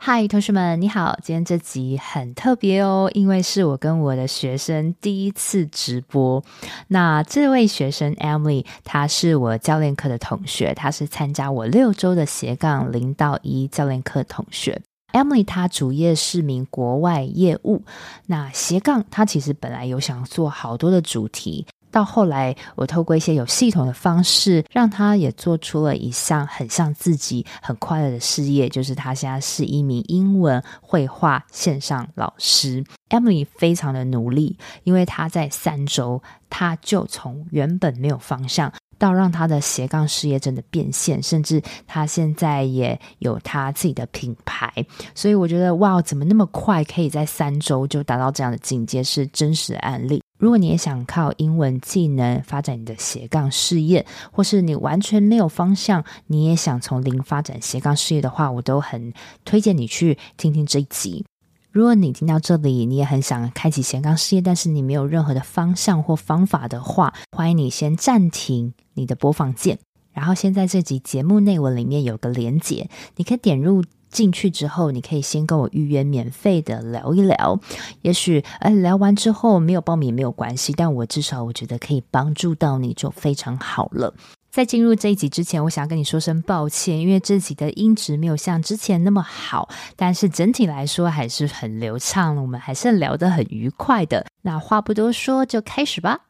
嗨，Hi, 同學們，你好！今天這集很特別哦，因為是我跟我的學生第一次直播。那這位學生 Emily，她是我教練課的同學，她是參加我六周的斜槓零到一教練課同學。Emily 她主業是名國外業務，那斜槓她其實本來有想做好多的主題。到後來，我透過一些有系統的方式，讓他也做出了一項很像自己很快樂的事業，就是他現在是一名英文會話線上老師。Emily 非常的努力，因為他在三週，他就從原本沒有方向，到讓他的斜槓事業真的變現，甚至他現在也有他自己的品牌。所以我覺得，哇，怎麼那麼快可以在三週就達到這樣的境界？是真實的案例。如果你也想靠英文技能發展你的斜槓事業，或是你完全沒有方向，你也想從零發展斜槓事業的話，我都很推薦你去聽聽這一集。如果你聽到這裡，你也很想開啟斜槓事業，但是你沒有任何的方向或方法的話，歡迎你先暫停你的播放鍵，然後現在這集節目內文裡面有個連結，你可以點入。進去之後，你可以先跟我預約免費的聊一聊，也許呃聊完之後沒有報名也沒有關係，但我至少我覺得可以幫助到你就非常好了。在進入這一集之前，我想跟你說聲抱歉，因為這集的音質沒有像之前那麼好，但是整體來說還是很流暢，我們還是聊得很愉快的。那話不多說，就開始吧。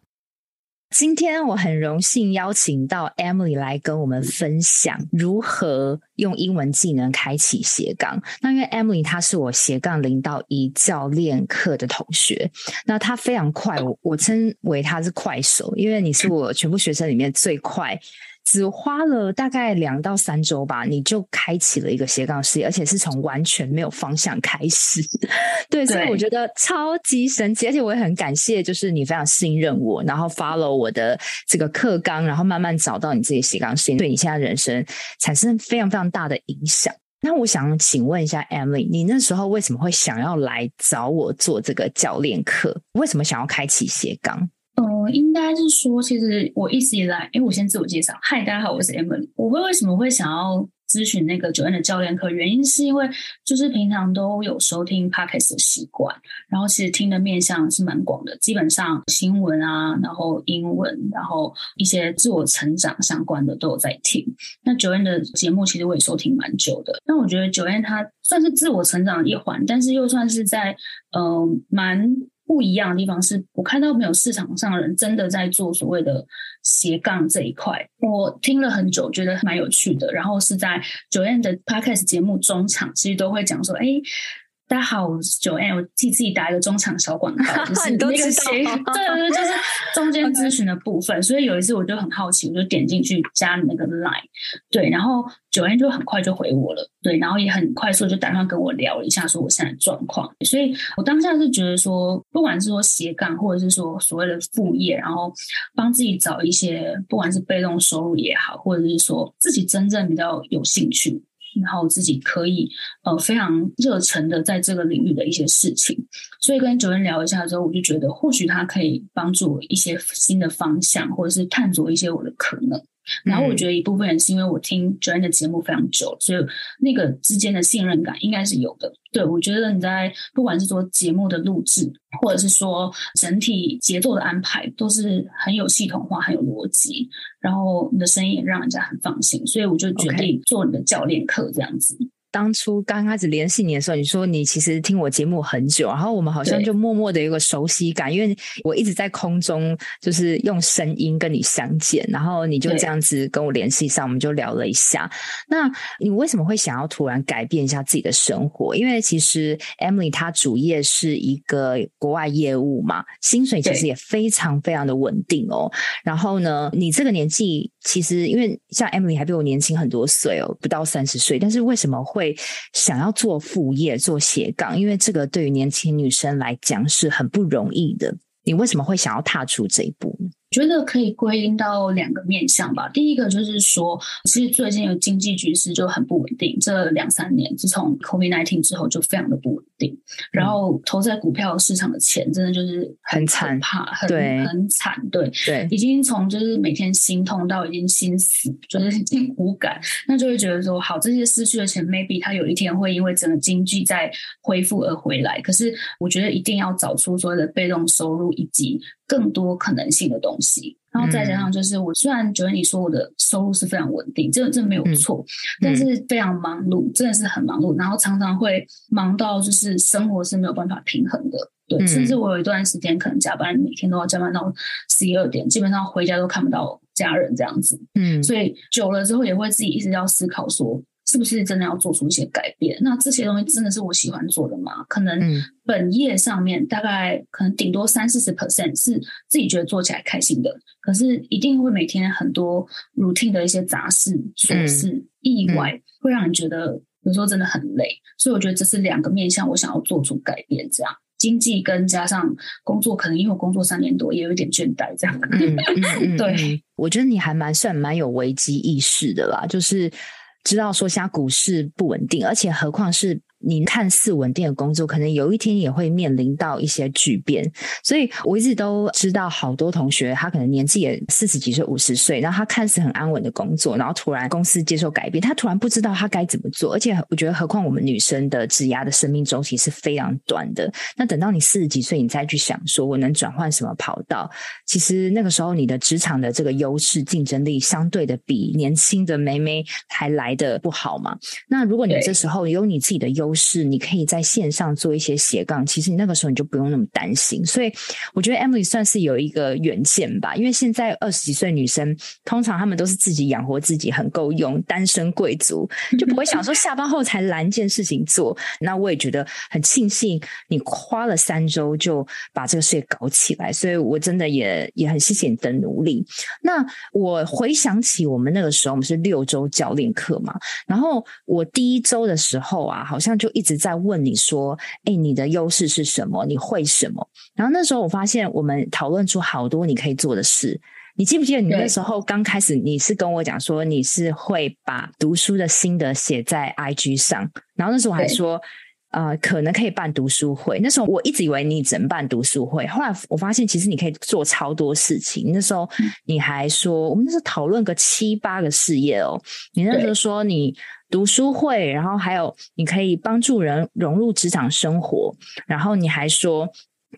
今天我很榮幸邀請到 Emily 來跟我們分享如何用英文技能開啟斜槓。那因為 Emily 她是我斜槓零到一教練課的同學，那她非常快，我我稱為她是快手，因為你是我全部學生裡面最快。 只花了大概兩到三周吧，你就開啟了一個斜槓事業，而且是從完全沒有方向開始。對，對所以我覺得超級神奇，而且我也很感謝，就是你非常信任我，然後 follow 我的這個課綱，然後慢慢找到你自己斜槓事業，對你現在人生產生非常非常大的影響。那我想請問一下 Emily，你那時候為什麼會想要來找我做這個教練課？為什麼想要開啟斜槓？嗯，應該是說，其實我一直以來，因為我先自我介紹，嗨，大家好，我是 Emily。我會為什麼會想要諮詢那個九 N 的教練課？原因是因為就是平常都有收聽 p o c k e t 的習慣，然後其實聽的面向是蠻廣的，基本上新聞啊，然後英文，然後一些自我成長相關的都有在聽。那九 N 的節目其實我也收聽蠻久的，但我覺得九 N 它算是自我成長一環，但是又算是在嗯、呃、蠻。不一樣的地方是，我看到沒有市場上人真的在做所謂的斜槓這一塊，我聽了很久，覺得蠻有趣的。然後是在 Joanne 的 podcast 節目中場，其實都會講說，誒、欸。大家好，我是 Joanne，我替自己打一個中場小廣告，是那個斜，對對 對，就是中間諮詢的部分。 Okay. 所以有一次我就很好奇，我就點進去加你那個 Line，對，然後 Joanne 就很快就回我了，對，然後也很快速就打算跟我聊一下，說我現在的狀況。所以，我當下是覺得說，不管是說斜槓，或者是說所謂的副業，然後幫自己找一些，不管是被動收入也好，或者是說自己真正比較有興趣。然後自己可以呃非常熱忱的在這個領域的一些事情，所以跟 Joanne 聊一下之後，我就覺得或許他可以幫助我一些新的方向，或者是探索一些我的可能。然後我覺得一部分人是因為我聽 Joanne 的節目非常久，所以那個之間的信任感應該是有的。對，我覺得你在不管是做節目的錄製，或者是說整體節奏的安排，都是很有系統化、很有邏輯。然後你的聲音也讓人家很放心，所以我就決定做你的教練課這樣子。當初剛開始聯繫你的時候，你說你其實聽我節目很久，然後我們好像就默默的有個熟悉感，對因為我一直在空中，就是用聲音跟你相見，然後你就這樣子跟我聯繫上，對我們就聊了一下。那你為什麼會想要突然改變一下自己的生活？因為其實 Emily 她主業是一個國外業務嘛，薪水其實也非常非常的穩定哦。對然後呢，你這個年紀其實因為像 Emily 還比我年輕很多歲哦，不到三十歲，但是為什麼會？會想要做副業、做斜槓，因為這個對於年輕女生來講是很不容易的。你為什麼會想要踏出這一步呢？覺得可以歸因到兩個面向吧。第一個就是說，其實最近有經濟局勢就很不穩定，這兩三年自從 COVID-19 之後就非常的不穩定。嗯、然後投在股票市場的錢，真的就是很慘怕，很很慘，對對，已經從就是每天心痛到已經心死，就是已經無感，那就會覺得說，好這些失去的錢，maybe 他有一天會因為整個經濟在恢復而回來。可是我覺得一定要找出所有的被動收入以及，更多可能性的東西，然後再加上就是，我雖然覺得你說我的收入是非常穩定，嗯、這這沒有錯，嗯嗯、但是非常忙碌，真的是很忙碌，然後常常會忙到就是生活是沒有辦法平衡的，對，嗯、甚至我有一段時間可能加班，每天都要加班到十一二點，基本上回家都看不到家人這樣子，嗯，所以久了之後也會自己一直要思考說，是不是真的要做出一些改變？那這些東西真的是我喜歡做的嗎？可能本業上面大概可能頂多三四十 percent 是自己覺得做起來開心的，可是一定會每天很多 routine 的一些雜事、瑣事、嗯、意外，會讓你覺得有時候真的很累。嗯、所以我覺得這是兩個面向，我想要做出改變，這樣經濟跟加上工作，可能因為我工作三年多也有一點倦怠，這樣。嗯嗯嗯、 對，我覺得你還蠻算蠻有危機意識的啦，就是。知道說，現在股市不穩定，而且何況是，您看似穩定的工作，可能有一天也會面臨到一些巨變，所以我一直都知道，好多同學他可能年紀也四十幾歲、五十歲，然後他看似很安穩的工作，然後突然公司接受改變，他突然不知道他該怎麼做。而且我覺得，何況我們女生的職涯的生命週期是非常短的。那等到你四十幾歲，你再去想說我能轉換什麼跑道，其實那個時候你的職場的這個優勢競爭力，相對的比年輕的妹妹還來得不好嘛。那如果你這時候有你自己的優，不是，你可以在線上做一些斜槓，其實你那個時候你就不用那麼擔心。所以我覺得 Emily 算是有一個遠見吧，因為現在二十幾歲女生通常她們都是自己養活自己，很夠用，單身貴族就不會想說下班後才攬件事情做。 那我也覺得很慶幸，你花了三周就把這個事業搞起來，所以我真的也也很謝謝你的努力。那我回想起我們那個時候，我們是六周教練課嘛，然後我第一周的時候啊，好像。就一直在問你說：“誒，你的優勢是什麼？你會什麼？”然後那時候我發現，我們討論出好多你可以做的事。你記不記得你那時候剛開始，你是跟我講說你是會把讀書的心得寫在 IG 上，然後那時候我還說，對呃，可能可以辦讀書會。那時候我一直以為你只能辦讀書會，後來我發現其實你可以做超多事情。那時候你還說，嗯，我們那時候討論個七八個事業哦。你那時候說你。讀書會，然後還有你可以幫助人融入職場生活，然後你還說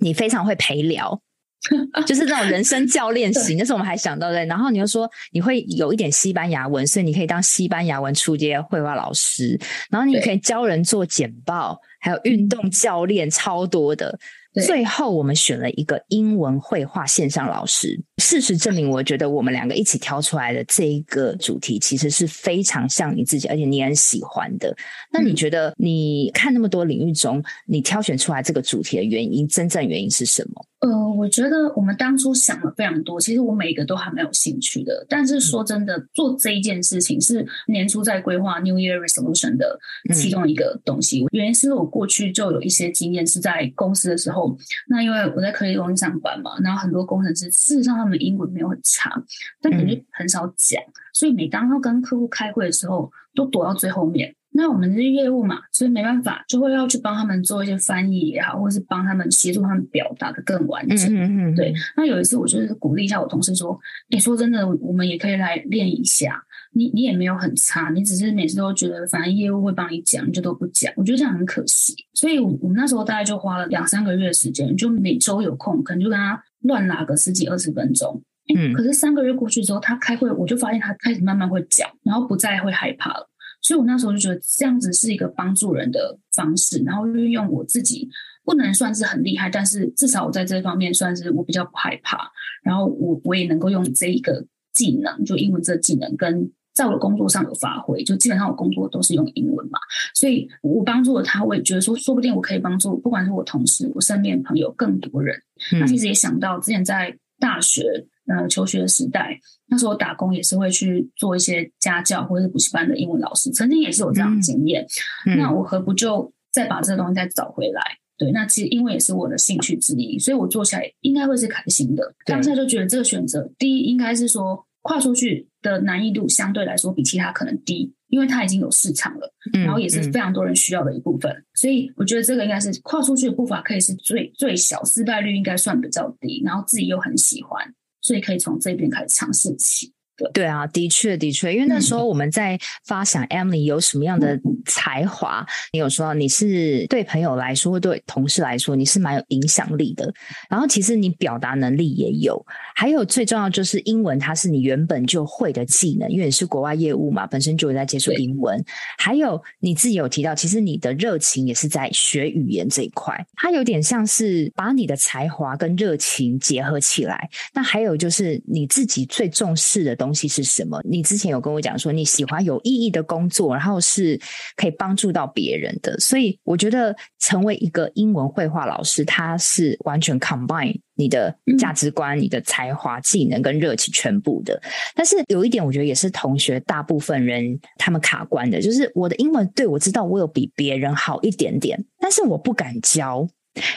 你非常會陪聊， 就是那種人生教練型。那 對是我們還想到的，然後你又說你會有一點西班牙文，所以你可以當西班牙文初階會話老師，然後你可以教人做簡報，對還有運動教練，超多的。對最後，我們選了一個英文會話線上老師。事實證明，我覺得我們兩個一起挑出來的這一個主題，其實是非常像你自己，而且你很喜歡的。那你覺得，你看那麼多領域中，你挑選出來這個主題的原因，真正原因是什麼？呃，我覺得我們當初想了非常多，其實我每個都還蠻有興趣的。但是說真的，嗯、做這一件事情是年初在規劃 New Year Resolution 的其中一個東西。嗯、原因是我過去就有一些經驗是在公司的時候，那因為我在科技公司上班嘛，然後很多工程師事實上他們英文沒有很強，但肯定很少講，嗯、所以每當要跟客戶開會的時候，都躲到最後面。因為我們是業務嘛，所以沒辦法，就會要去幫他們做一些翻譯也、啊、好，或者是幫他們協助他們表達得更完整。嗯、哼哼對。那有一次，我就是鼓勵一下我同事說：“你、欸、說真的，我們也可以來練一下。你你也沒有很差，你只是每次都覺得，反正業務會幫你講，你就都不講。我覺得這樣很可惜。所以我，我們那時候大概就花了兩三個月的時間，就每周有空，可能就跟他亂拉個十幾二十分鐘。欸、嗯。可是三個月過去之後，他開會，我就發現他開始慢慢會講，然後不再會害怕了。所以我那時候就覺得這樣子是一個幫助人的方式，然後運用我自己不能算是很厲害，但是至少我在這方面算是我比較不害怕，然後我我也能夠用這一個技能，就英文這技能跟在我的工作上有發揮，就基本上我工作都是用英文嘛，所以我幫助了他，我也覺得說，說不定我可以幫助，不管是我同事、我身邊朋友更多人。那、嗯啊、其實也想到之前在大學。呃，求學的時代，那時候打工也是會去做一些家教或者是補習班的英文老師，曾經也是有這樣的經驗。嗯嗯、那我何不就再把這個東西再找回來？對，那其實英文也是我的興趣之一，所以我做起來應該會是開心的。當下對就覺得這個選擇，第一應該是說跨出去的難易度相對來說比其他可能低，因為它已經有市場了，然後也是非常多人需要的一部分。嗯、所以我覺得這個應該是跨出去的步伐可以是最最小，失敗率應該算比較低，然後自己又很喜歡。所以可以從這邊開始嘗試起。對啊，的確的確，因為那時候我們在發想 Emily 有什麼樣的才華。嗯、你有說你是對朋友來說，或對同事來說，你是蠻有影響力的。然後其實你表達能力也有，還有最重要就是英文，它是你原本就會的技能，因為你是國外業務嘛，本身就有在接觸英文。對還有你自己有提到，其實你的熱情也是在學語言這一塊，它有點像是把你的才華跟熱情結合起來。那還有就是你自己最重視的東西。東西是什麼？你之前有跟我講說你喜歡有意義的工作，然後是可以幫助到別人的，所以我覺得成為一個英文會話老師，他是完全 combine 你的價值觀、嗯、你的才華、技能跟熱情全部的。但是有一點，我覺得也是同學大部分人他們卡關的，就是我的英文，對，我知道我有比別人好一點點，但是我不敢教。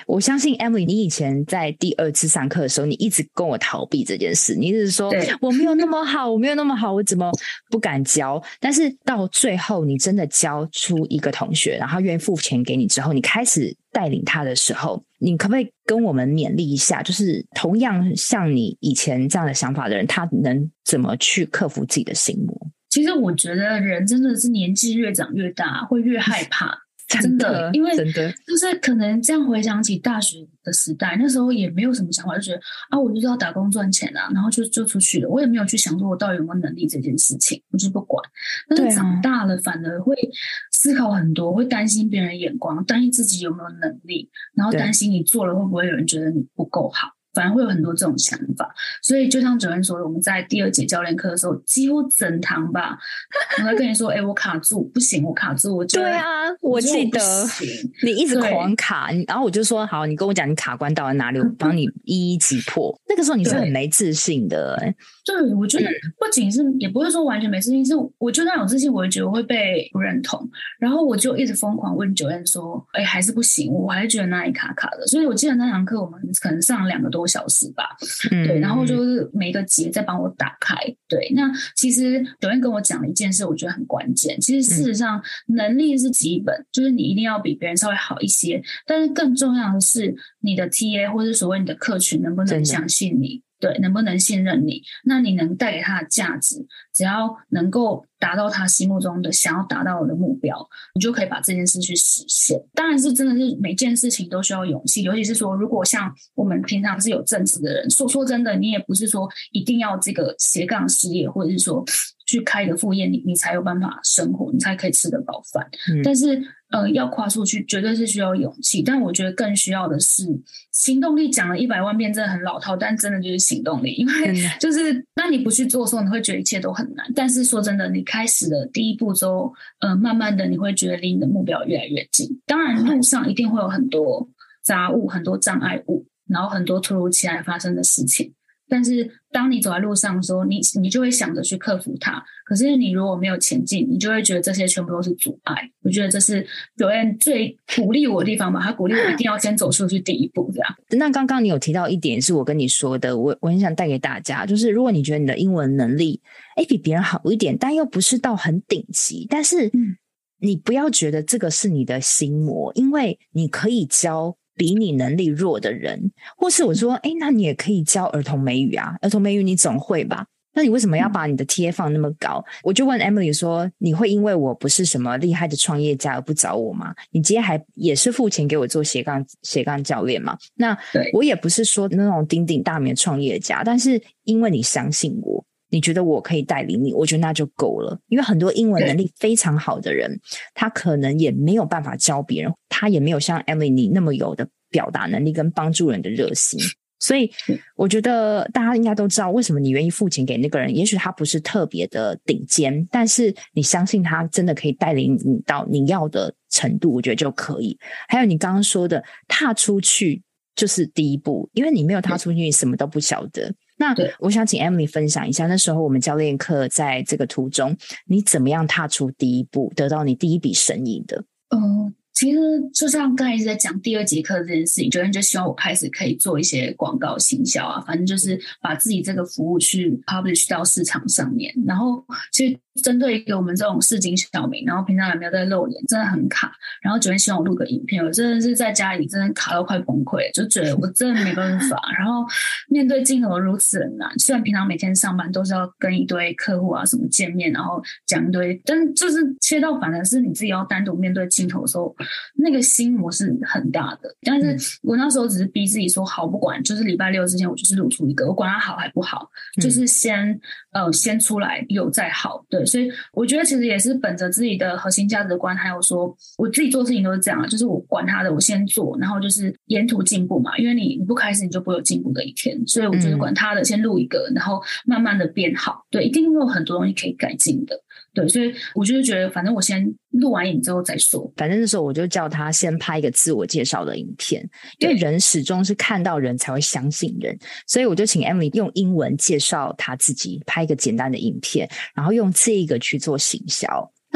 我相信 Emily，你以前在第二次上課的時候，你一直跟我逃避這件事，你一直說對我沒有那麼好，我沒有那麼好，我怎麼不敢教？但是到最後，你真的教出一個同學，然後願意付錢給你之後，你開始帶領他的時候，你可不可以跟我們勉勵一下？就是同樣像你以前這樣的想法的人，他能怎麼去克服自己的心魔？其實我覺得，人真的是年紀越長越大，會越害怕。 真的，真的，因為真的就是可能這樣回想起大學的時代，的那時候也沒有什麼想法，就覺得啊，我就要打工賺錢啊，然後就就出去了。我也沒有去想說我到底有沒有能力這件事情，我就不管。但是長大了，反而會思考很多，會擔心別人眼光，擔心自己有沒有能力，然後擔心你做了會不會有人覺得你不夠好。反而會有很多這種想法，所以就像 Joanne 說的，我們在第二節教練課的時候，幾乎整堂吧，我在跟你說，哎、 欸，我卡住，不行，我卡住，我。就。對啊，我記得你，你一直狂卡，對然後我就說好，你跟我講你卡關到了哪裡，我幫你一一擊破。嗯、哼那個時候你是很沒自信的。對，對，我覺得不僅是，也不是說完全沒自信，是我就算有自信，我也覺得會被不認同，然後我就一直瘋狂問 Joanne 說，哎、欸，還是不行，我還是覺得那裡卡卡的。所以我記得那堂課我們可能上了兩個多。多小時吧，嗯、對，然後就是每個節再幫我打開，對。那其實昨天跟我講了一件事，我覺得很關鍵。其實事實上，能力是基本，嗯、就是你一定要比別人稍微好一些，但是更重要的是，你的 TA 或者所謂你的客群能不能相信你？嗯對，能不能信任你？那你能帶給他的價值，只要能夠達到他心目中的想要達到的目標，你就可以把這件事去實現。當然是真的，是每件事情都需要勇氣，尤其是說，如果像我們平常是有正職的人，說說真的，你也不是說一定要這個斜槓事業，或者是說。去開一個副業你，你你才有辦法生活，你才可以吃得飽飯。嗯、但是，呃，要跨出去絕對是需要勇氣，但我覺得更需要的是行動力。講了一百萬遍，真的很老套，但真的就是行動力。因為就是、嗯、當你不去做的時候，你會覺得一切都很難。但是說真的，你開始的第一步驟，呃，慢慢的你會覺得離你的目標越來越近。當然，路上一定會有很多雜物、嗯、很多障礙物，然後很多突如其來發生的事情。但是，當你走在路上的時候，你你就會想着去克服它。可是，你如果沒有前進，你就會覺得這些全部都是阻礙。我覺得這是 Joanne 最鼓勵我的地方吧。他鼓勵我一定要先走出去第一步。這樣、啊。那剛剛你有提到一點，是我跟你說的，我我很想帶給大家，就是如果你覺得你的英文能力哎比別人好一點，但又不是到很頂級，但是你不要覺得這個是你的心魔，因為你可以教。比你能力弱的人，或是我說，哎，那你也可以教兒童美語啊。兒童美語你總會吧？那你為什麼要把你的 TA 放那麼高？嗯。我就問 Emily 說，你會因為我不是什麼厲害的創業家而不找我嗎？你今天還也是付錢給我做斜槓斜槓教練嗎？那我也不是說那種鼎鼎大名的創業家，但是因為你相信我。你覺得我可以帶領你，我覺得那就夠了。因為很多英文能力非常好的人，他可能也沒有辦法教別人，他也沒有像 Emily 你那麼有的表達能力跟幫助人的熱心。所以，我覺得大家應該都知道，為什麼你願意付錢給那個人？也許他不是特別的頂尖，但是你相信他真的可以帶領你到你要的程度，我覺得就可以。還有你剛剛說的，踏出去就是第一步，因為你沒有踏出去，你什麼都不曉得。那我想請 Emily 分享一下，對那時候我們教練課在這個途中，你怎麼樣踏出第一步，得到你第一筆生意的？嗯、呃，其實就像剛才一直在講第二節課這件事情，教練就希望我開始可以做一些廣告行銷啊，反正就是把自己這個服務去 publish 到市場上面，然後其實。針對一個我們這種市井小民，然後平常也沒有在露臉，真的很卡。然後昨天希望我錄個影片，我真的是在家裡真的卡到快崩潰，就覺得我真的沒辦法。 然後面對鏡頭如此的難，雖然平常每天上班都是要跟一堆客戶啊什麼見面，然後講一堆，但就是切到反而是你自己要單獨面對鏡頭的時候，那個心魔是很大的。但是我那時候只是逼自己說，好，不管，就是禮拜六之前我就是錄出一個，我管它好還不好，就是先、嗯、呃先出來有再好，對。所以我覺得其實也是本着自己的核心價值觀，還有說我自己做事情都是這樣，就是我管他的，我先做，然後就是沿途進步嘛。因為你你不開始，你就不會有進步的一天。所以我覺得管他的，先錄一個，然後慢慢的變好。對，一定會有很多東西可以改進的。對，所以我就覺得，反正我先錄完影之後再說。反正那時候我就叫他先拍一個自我介紹的影片，因為對人始終是看到人才會相信人，所以我就請 Emily 用英文介紹他自己，拍一個簡單的影片，然後用這個去做行銷。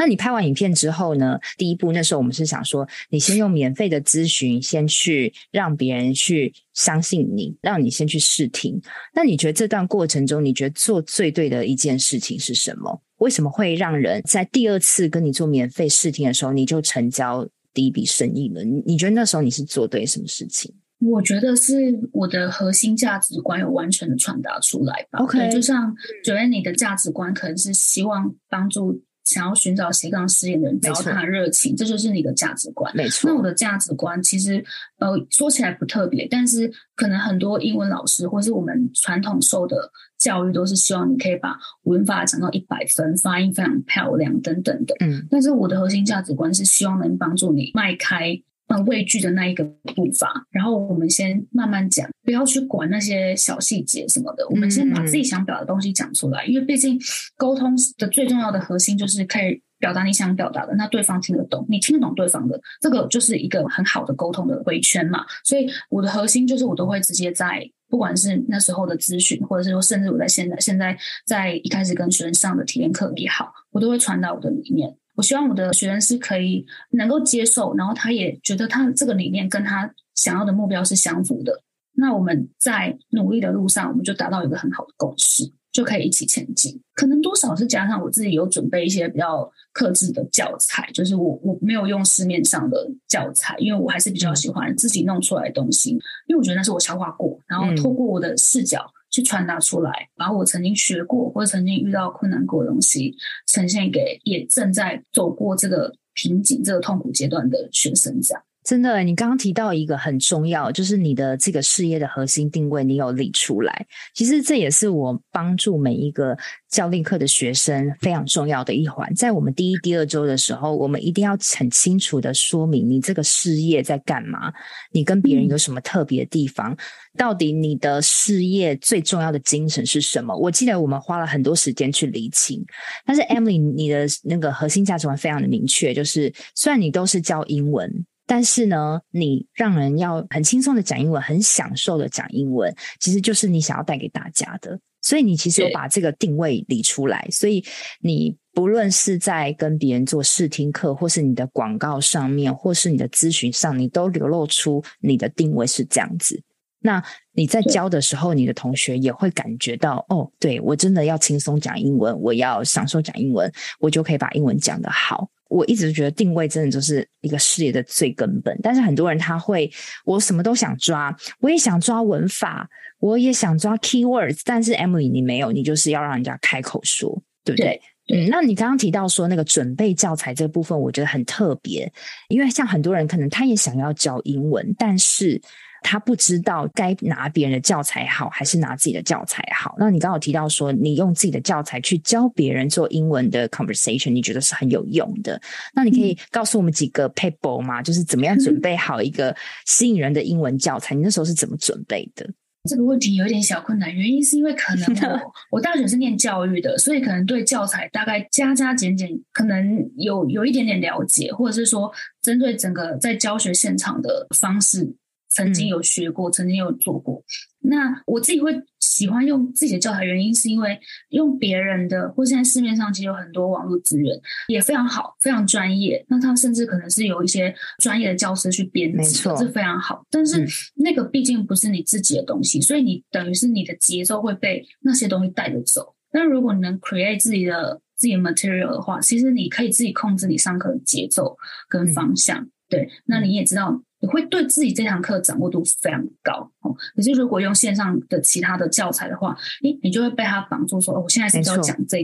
那你拍完影片之後呢？第一步，那時候我們是想說，你先用免費的諮詢，先去讓別人去相信你，讓你先去試聽。那你覺得這段過程中，你覺得做最對的一件事情是什麼？為什麼會讓人在第二次跟你做免費試聽的時候，你就成交第一筆生意呢？你你覺得那時候你是做對什麼事情？我覺得是我的核心價值觀有完全的傳達出來吧。OK。我可能就像覺得你的價值觀，可能是希望幫助。想要尋找斜槓事業的人，只要他熱情，沒錯，這就是你的價值觀。沒錯，那我的價值觀其實，呃，說起來不特別，但是可能很多英文老師或是我們傳統受的教育，都是希望你可以把文法講到一百分，嗯、發音非常漂亮等等的。嗯，但是我的核心價值觀是希望能幫助你邁開很畏懼的那一個步伐，然後我們先慢慢講，不要去管那些小細節什麼的。嗯、我們先把自己想表達的東西講出來，嗯、因為畢竟溝通的最重要的核心就是可以表達你想表達的，那對方聽得懂，你聽得懂對方的，這個就是一個很好的溝通的回圈嘛。所以我的核心就是，我都會直接在不管是那時候的諮詢，或者是說甚至我在現在現在在一開始跟學生上的體驗課也好，我都會傳達我的理念。我希望我的學生是可以能夠接受，然後他也覺得他這個理念跟他想要的目標是相符的。那我們在努力的路上，我們就達到一個很好的共識，就可以一起前進。可能多少是加上我自己有準備一些比較客製的教材，就是我我沒有用市面上的教材，因為我還是比較喜歡自己弄出來的東西，因為我覺得那是我消化過，然後透過我的視角。嗯去傳達出來，把我曾經學過或者曾經遇到困難過的東西呈現給也正在走過這個瓶頸、這個痛苦階段的學生這樣。真的，你剛剛提到一個很重要，就是你的這個事業的核心定位，你有理出來。其實這也是我幫助每一個教練課的學生非常重要的一環。在我們第一、第二周的時候，我們一定要很清楚的說明你這個事業在幹嘛，你跟別人有什麼特別的地方，到底你的事業最重要的精神是什麼。我記得我們花了很多時間去理清。但是 Emily，你的那個核心價值觀非常的明確，就是雖然你都是教英文。但是呢，你讓人要很輕鬆的講英文，很享受的講英文，其實就是你想要帶給大家的。所以你其實有把這個定位理出來。對所以你不論是在跟別人做試聽課，或是你的廣告上面，或是你的諮詢上，你都流露出你的定位是這樣子。那你在教的時候，對你的同學也會感覺到，哦，對，我真的要輕鬆講英文，我要享受講英文，我就可以把英文講得好。我一直覺得定位真的就是一個事業的最根本，但是很多人他會，我什麼都想抓，我也想抓文法，我也想抓 keywords，但是 Emily 你沒有，你就是要讓人家開口說，對不對？對，對。嗯，那你剛剛提到說那個準備教材這部分，我覺得很特別，因為像很多人可能他也想要教英文，但是。他不知道該拿別人的教材好，還是拿自己的教材好。那你剛好提到說，你用自己的教材去教別人做英文的 conversation，你覺得是很有用的。那你可以告訴我們幾個撇步嗎？就是怎麼樣準備好一個吸引人的英文教材？ 你那時候是怎麼準備的？這個問題有點小困難，原因是因為可能我我大學是念教育的，所以可能對教材大概加加減減，可能有有一點點了解，或者是說針對整個在教學現場的方式。曾經有學過，嗯、曾經有做過。那我自己會喜歡用自己的教材，原因是因為用別人的，或現在市面上其實有很多網絡資源也非常好，非常專業。那他甚至可能是有一些專業的教師去編製，沒錯，是非常好。但是那個畢竟不是你自己的東西，嗯、所以你等於是你的節奏會被那些東西帶着走。那如果你能 create 自己的自己的 material 的話，其實你可以自己控制你上課的節奏跟方向。嗯、對，嗯、那你也知道。你會對自己這堂課的掌握度非常高哦。可是如果用線上的其他的教材的話，哎，你就會被他綁住說，說、哦、我現在是要講這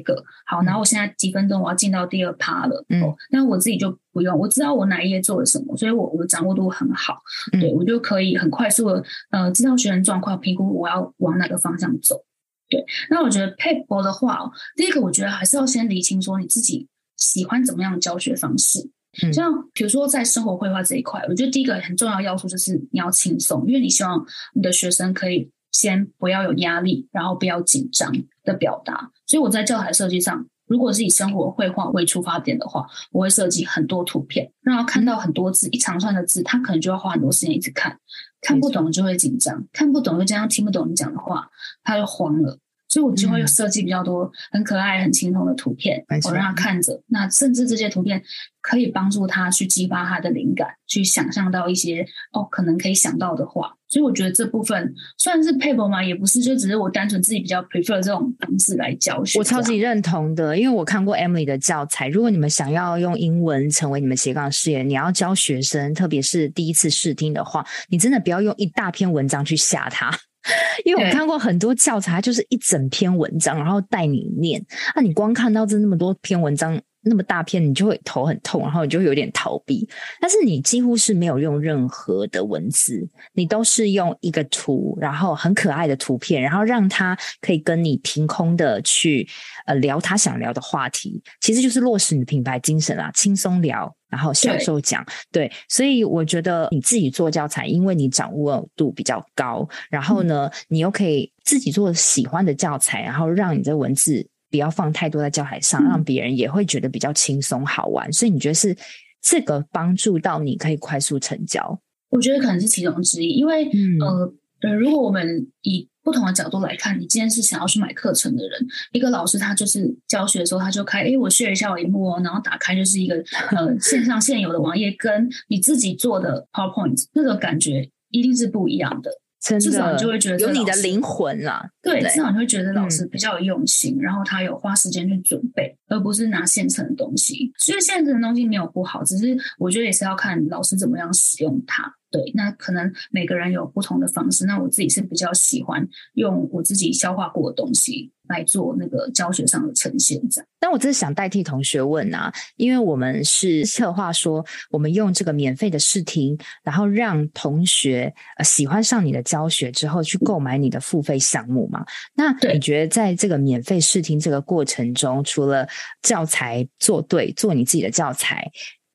個，沒錯好，然後我現在幾分鐘我要進到第二趴了。嗯、哦，那我自己就不用，我知道我哪一頁做了什麼，所以我我的掌握度很好。嗯、對，我就可以很快速的呃，知道學員狀況，評估我要往哪個方向走。對，嗯、那我覺得 paper 的話，第一個我覺得還是要先理清說你自己喜歡怎麼樣的教學方式。像比如說在生活會話這一塊，嗯、我覺得第一個很重要的要素就是你要輕鬆，因為你希望你的學生可以先不要有壓力，然後不要緊張的表達。所以我在教材設計上，如果是以生活會話為出發點的話，我會設計很多圖片，讓他看到很多字，嗯、一長串的字，他可能就要花很多時間一直看，看不懂就會緊張，看不懂又這樣聽不懂你講的話，他就慌了。所以，我就會設計比較多很可愛、很輕鬆的圖片，嗯、我讓他看着。嗯、那甚至這些圖片可以幫助他去激發他的靈感，去想象到一些哦，可能可以想到的話。所以，我覺得這部分算是 paper 嗎？也不是，就只是我單純自己比較 prefer 這種方式來教學。我超級認同的，因為我看過 Emily 的教材。如果你們想要用英文成為你們斜槓事業，你要教學生，特別是第一次試聽的話，你真的不要用一大篇文章去嚇他。因為我看過很多教材，就是一整篇文章，然後帶你念。那、嗯啊、你光看到這那麼多篇文章。那麼大片，你就會頭很痛，然後你就會有點逃避。但是你幾乎是沒有用任何的文字，你都是用一個圖，然後很可愛的圖片，然後讓他可以跟你憑空的去呃聊他想聊的話題。其實就是落實你的品牌精神啦，輕鬆聊，然後享受講。對，對，所以我覺得你自己做教材，因為你掌握度比較高，然後呢，嗯、你又可以自己做喜歡的教材，然後讓你的文字。不要放太多在教材上，讓別人也會覺得比較輕鬆好玩。嗯、所以你覺得是這個幫助到你可以快速成交？我覺得可能是其中之一，因為、嗯、呃呃，如果我們以不同的角度來看，你今天是想要去買課程的人，一個老師他就是教學的時候他就開，誒、哎，我學一下我螢幕，然後打開就是一個呃線上現有的網頁 跟你自己做的 PowerPoint，那個感覺一定是不一樣的。至少你就會覺得有你的靈魂了、啊。對，對對，至少你就會覺得老師比較有用心，嗯、然後他有花時間去準備，而不是拿現成的東西。所以現成的東西沒有不好，只是我覺得也是要看老師怎麼樣使用它。對，那可能每個人有不同的方式。那我自己是比較喜歡用我自己消化過的東西來做那個教學上的呈現這樣。那我真的想代替同學問啊，因為我們是策劃說，我們用這個免費的試聽，然後讓同學、呃、喜歡上你的教學之後，去購買你的付費項目嘛。那你覺得在這個免費試聽這個過程中，除了教材做對，做你自己的教材？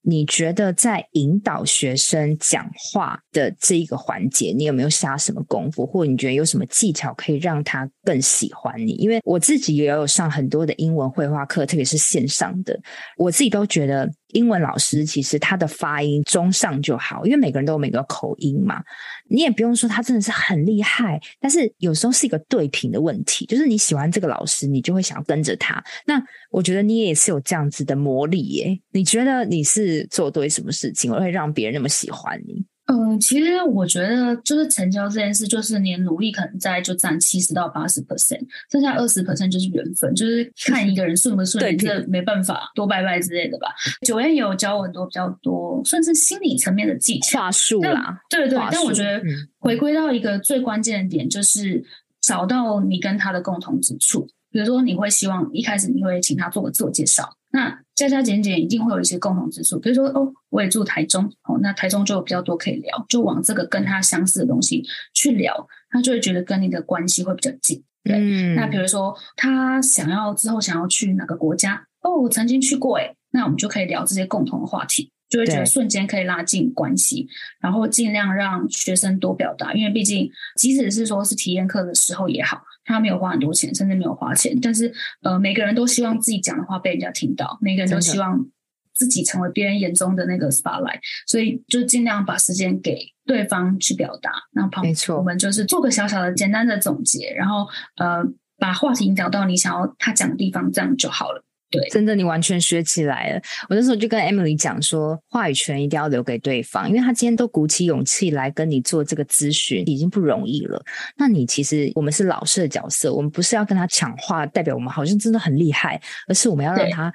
你覺得在引導學生講話的這一個環節，你有沒有下什麼功夫，或者你覺得有什麼技巧可以讓他更喜歡你？因為我自己也有上很多的英文會話課，特別是線上的，我自己都覺得。英文老師其實他的發音中上就好，因為每個人都有每個口音嘛，你也不用說他真的是很厲害，但是有時候是一個對頻的問題，就是你喜歡這個老師，你就會想要跟着他。那我覺得你也是有這樣子的魔力耶，你覺得你是做對什麼事情，而會讓別人那麼喜歡你？嗯，其實我覺得就是成交這件事，就是你的努力可能在就佔七十到八十 percent，剩下二十 percent 就是緣分，就是看一個人順不順， 對這沒辦法，多拜拜之類的吧。Joanne 也有教我很多比較多，算是心理層面的技巧、話術啦，對對。數但我覺得回歸到一個最關鍵的點，就是找到你跟他的共同之處。比如說，你會希望一開始你會請他做個自我介紹，那。加加減減一定會有一些共同之處，比如說哦，我也住台中，哦，那台中就有比較多可以聊，就往這個跟他相似的東西去聊，他就會覺得跟你的關係會比較近。對。嗯。那比如說他想要之後想要去哪個國家，哦，我曾經去過，哎，那我們就可以聊這些共同的話題。就會覺得瞬間可以拉近關係，對然後盡量讓學生多表達，因為畢竟即使是說是體驗課的時候也好，他沒有花很多錢，甚至沒有花錢，但是呃，每個人都希望自己講的話被人家聽到，每個人都希望自己成為別人眼中的那個 spotlight，所以就盡量把時間給對方去表達，然後旁邊我們就是做個小小的簡單的總結，然後呃，把話題引導到你想要他講的地方，這樣就好了。對的。真的，你完全學起來了。我那時候就跟 Emily 講說，話語權一定要留給對方，因為他今天都鼓起勇氣來跟你做這個諮詢，已經不容易了。那你其實我們是老師的角色，我們不是要跟他搶話，代表我們好像真的很厲害，而是我們要讓他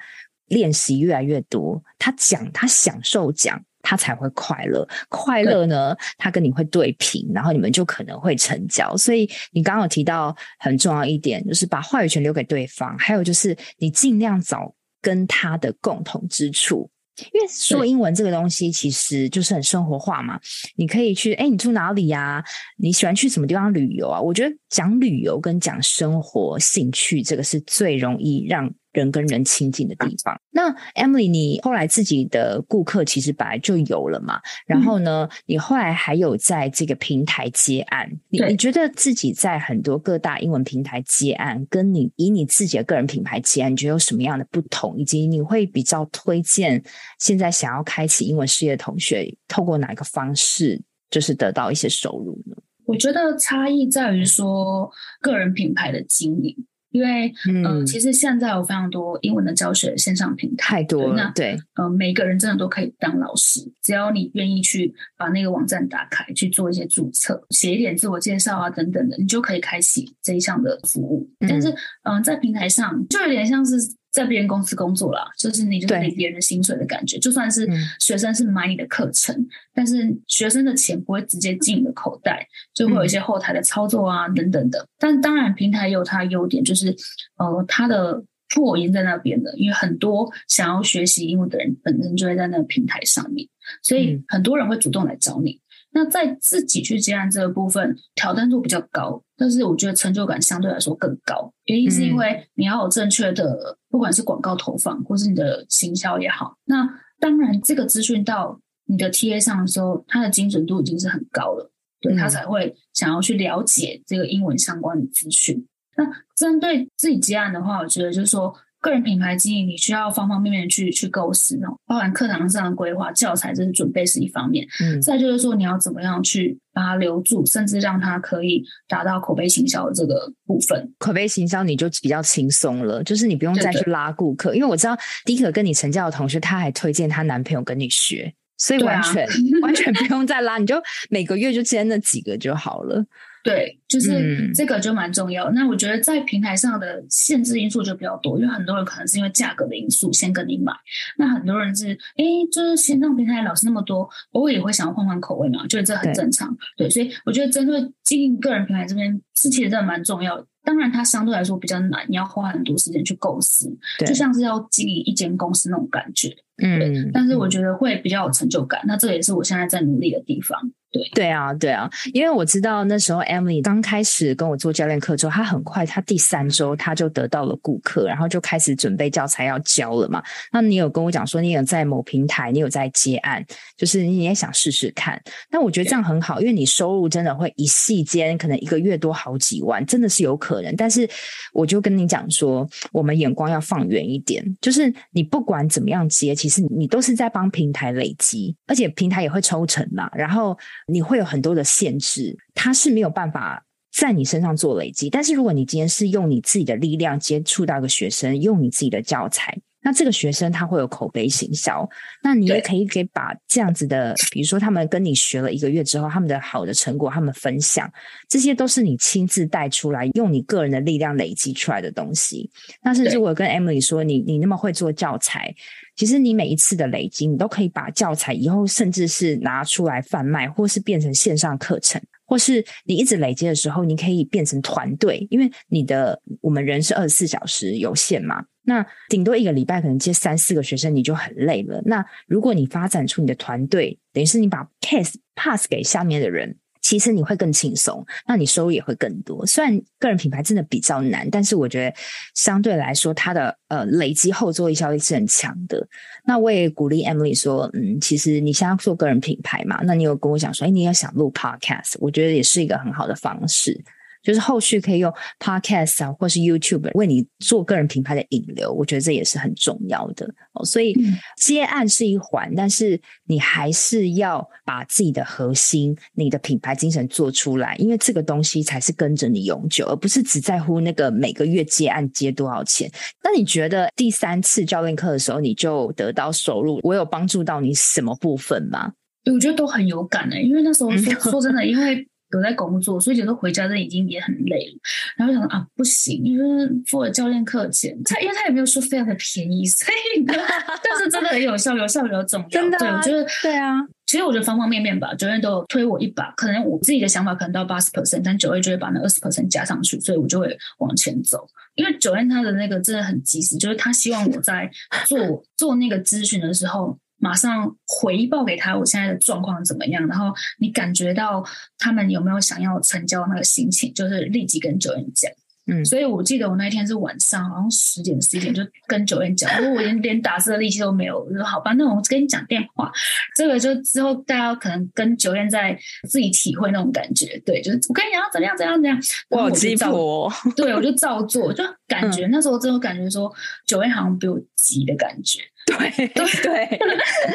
練習越來越多，他講，他享受講。他才會快樂，快樂呢，他跟你會對頻，對，然後你們就可能會成交。所以你剛剛有提到很重要一點，就是把話語權留給對方，還有就是你儘量找跟他的共同之處，因為說英文這個東西其實就是很生活化嘛。對你可以去，誒，你住哪裡呀？啊，你喜歡去什麼地方旅遊啊？我覺得講旅遊跟講生活興趣這個是最容易讓。人跟人親近的地方。啊、那 Emily，你後來自己的顧客其實本來就有了嘛？嗯、然後呢，你後來還有在這個平台接案。嗯、你你覺得自己在很多各大英文平台接案，跟你以你自己的個人品牌接案，你覺得有什麼樣的不同？以及你會比較推薦現在想要開啟英文事業的同學，透過哪個方式就是得到一些收入呢？我覺得差異在於說個人品牌的經營。因為，嗯、呃，其實現在有非常多英文的教學線上平台，太多了。那對，嗯、呃，每個人真的都可以當老師，只要你願意去把那個網站打開，去做一些注冊，寫一點自我介紹啊等等的，你就可以開啟這一項的服務。但是，嗯、呃，在平台上就有點像是。在別人公司工作啦，就是你就是給別人薪水的感覺。對就算是學生是買你的課程，嗯、但是學生的錢不會直接進你的口袋，就會有一些後台的操作啊、嗯、等等的。但當然平台也有它的優點，就是呃它的破源在那邊的，因為很多想要學習英文的人本身就會在那個平台上面，所以很多人會主動來找你。嗯那在自己去接案這個部分，挑戰度比較高，但是我覺得成就感相對來說更高。原因是因為你要有正確的，嗯，不管是廣告投放或是你的行銷也好。那當然，這個資訊到你的 TA 上的時候，它的精準度已經是很高了，對，嗯，他才會想要去了解這個英文相關的資訊。那針對自己接案的話，我覺得就是說，個人品牌經營，你需要方方面面去去構思那種，包含課堂上的規劃、教材這些準備是一方面。嗯，再就是說，你要怎麼樣去把它留住，甚至讓它可以達到口碑行銷的這個部分。口碑行銷你就比較輕鬆了，就是你不用再去拉顧客，對對，因為我知道第一個跟你成交的同學她還推薦她男朋友跟你學，所以完全對、啊、 完全不用再拉，你就每個月就接那幾個就好了。對，就是這個就蠻重要。嗯，那我覺得在平台上的限制因素就比較多，因為很多人可能是因為價格的因素先跟你買。那很多人是，哎，就是線上平台老師那麼多，偶爾也會想要換換口味嘛，覺得這很正常。對，對，所以我覺得針對經營個人平台這邊事情，是其實真的蠻重要。當然，它相對來說比較難，你要花很多時間去構思，對就像是要經營一間公司那種感覺。嗯，但是我覺得會比較有成就感。嗯、那這也是我現在在努力的地方。對，對啊，對啊，因為我知道那時候 Emily 剛開始跟我做教練課之後，她很快，她第三周她就得到了顧客，然後就開始準備教材要教了嘛。那你有跟我講說，你有在某平台，你有在接案，就是你也想試試看。那我覺得這樣很好，對因為你收入真的會一夕間，可能一個月多好幾萬，真的是有可能。但是我就跟你講說，我們眼光要放遠一點，就是你不管怎麼樣接。其實你都是在幫平台累積，而且平台也會抽成嘛。然後你會有很多的限制，它是沒有辦法在你身上做累積。但是如果你今天是用你自己的力量接觸到一個學生，用你自己的教材。那這個學生他會有口碑行銷，那你也可以給把這樣子的，對比如說他們跟你學了一個月之後，他們的好的成果，他們分享，這些都是你親自帶出來，用你個人的力量累積出來的東西。那甚至我有跟 Emily 說，你你那麼會做教材，其實你每一次的累積，你都可以把教材以後甚至是拿出來販賣，或是變成線上課程，或是你一直累積的時候，你可以變成團隊，因為你的我們人是二十四小時有限嘛。那頂多一個禮拜，可能接三四個學生，你就很累了。那如果你發展出你的團隊，等於是你把 case pass, pass 給下面的人，其實你會更輕鬆，那你收入也會更多。雖然個人品牌真的比較難，但是我覺得相對來說，它的呃累積後坐力效益是很強的。那我也鼓勵 Emily 說，嗯，其實你想要做個人品牌嘛，那你有跟我講說，哎，你要想錄 podcast，我覺得也是一個很好的方式。就是後續可以用 Podcast 啊，或是 YouTube 為你做個人品牌的引流，我覺得這也是很重要的。哦、所以接案是一環，嗯、但是你還是要把自己的核心、你的品牌精神做出來，因為這個東西才是跟着你永久，而不是只在乎那個每個月接案接多少錢。那你覺得第三次教練課的時候，你就得到收入，我有幫助到你什麼部分嗎？欸、我覺得都很有感的，因為那時候說說真的，因為、嗯。 都在工作，所以覺得回家都已經也很累了。然後我想說啊，不行，因為做了教練課前，他因為他也沒有說非常的便宜，所以呢 但是真的很有效，有效比較重要。 真的、啊，就是對，對啊。其實我覺得方方面面吧，Joanne 都有推我一把。可能我自己的想法可能到八十 percent，但 Joanne 就會把那二十 percent 加上去，所以我就會往前走。因為 Joanne 他的那個真的很及時，就是他希望我在做 做那個諮詢的時候，馬上回報給他，我現在的狀況怎麼樣？然後你感覺到他們有沒有想要成交那個心情？就是立即跟 Joanne 講。嗯，所以我記得我那一天是晚上，好像十點十一點就跟 Joanne 講，如果，嗯、我連連打字的力氣都沒有。我說好吧，那我跟你講電話。這個就之後大家可能跟 Joanne 在自己體會那種感覺。對，就是我跟你講怎麼樣，怎樣，怎樣，我照，哦、對，我就照做，就感覺、嗯、那時候只有感覺說 Joanne 好像比我急的感覺。對對對， 對對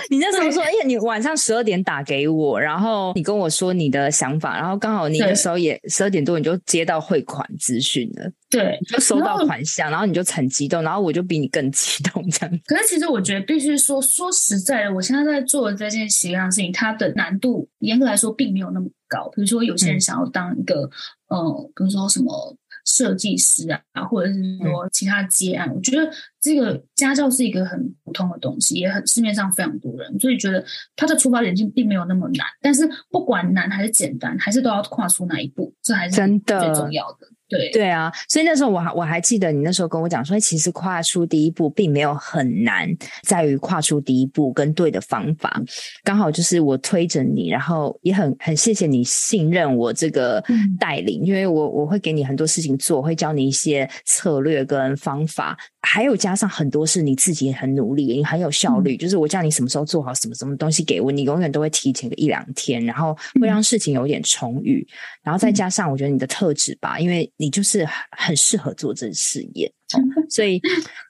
你那時候說，哎對，呀、欸，你晚上十二點打給我，然後你跟我說你的想法，然後剛好你的時候也十二點多，你就接到匯款資訊了，對，就收到款項，然後，然後你就很激動，然後我就比你更激動，這樣。可是其實我覺得必，必須說說實在的，我現在在做的這件實際上的事情，它的難度嚴格來說並沒有那麼高。比如說，有些人想要當一個，呃、嗯嗯，比如說什麼。設計師啊，或者是說其他接案，嗯、我覺得這個家教是一個很普通的東西，也很市面上非常多人，所以覺得他的出發點並沒有那麼難。但是不管難還是簡單，還是都要跨出那一步，這還是真的最重要的。對對啊，所以那時候我還我還記得你那時候跟我講說，其實跨出第一步並沒有很難，在於跨出第一步跟對的方法。剛好就是我推着你，然後也很很謝謝你信任我這個帶領，嗯、因為我我會給你很多事情做，會教你一些策略跟方法，還有加上很多是你自己很努力，你很有效率。嗯、就是我叫你什麼時候做好什麼什麼東西給我，你永遠都會提前個一兩天，然後會讓事情有點充裕，然後再加上我覺得你的特質吧，嗯、因為。你就是很適合做這個事業， 所以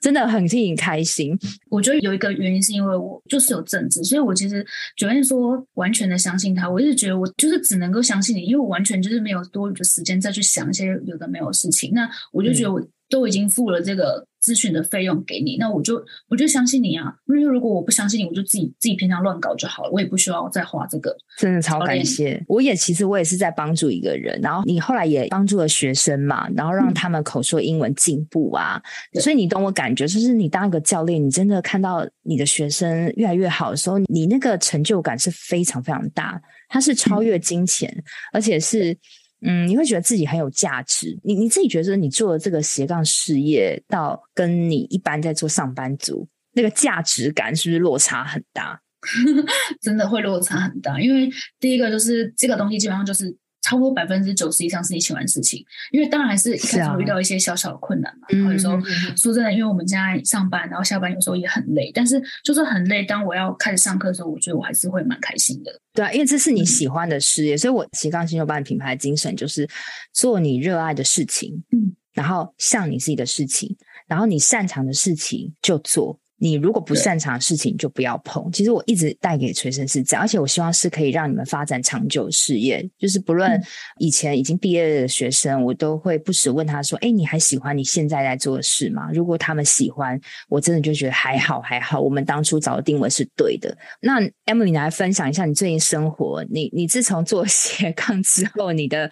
真的很替你開心。我覺得有一個原因是因為我就是有正職，所以我其實主要是說完全的相信他。我一直覺得我就是只能夠相信你，因為我完全就是沒有多餘的時間再去想一些有的沒有的事情。那我就覺得我都已經付了這個。嗯諮詢的費用給你，那我就我就相信你啊！因為如果我不相信你，我就自己自己平常亂搞就好了，我也不需要再花這個。真的超感謝！教練。我也其實我也是在幫助一個人，然後你後來也幫助了學生嘛，然後讓他們口說英文進步啊。嗯、所以你懂我感覺，就是你當一個教練，你真的看到你的學生越來越好的時候，你那個成就感是非常非常大，它是超越金錢，嗯、而且是。嗯，你會覺得自己很有價值，你你自己覺得你做的這個斜槓事業，到跟你一般在做上班族那個價值感是不是落差很大？ 真的會落差很大，因為第一個就是這個東西基本上就是。超過百分之九十以上是你喜歡的事情，因為當然還是一開始我遇到一些小小的困難嘛。嗯，有時候說真的，因為我們現在上班，然後下班有時候也很累，但是就是很累。當我要開始上課的時候，我覺得我還是會蠻開心的。對啊，因為這是你喜歡的事業，嗯、所以我斜槓先修班品牌的精神就是做你熱愛的事情，嗯，然後像你自己的事情，然後你擅長的事情就做。你如果不擅長的事情，就不要碰。對其實我一直帶給學生是這樣，而且我希望是可以讓你們發展長久事業。就是不論以前已經畢業了的學生，我都會不時問他說：“哎，你還喜歡你現在在做事嗎？”如果他們喜歡，我真的就覺得還好還好，我們當初找的定位是對的。那 Emily 你來分享一下你最近生活。你你自從做斜槓之後，你的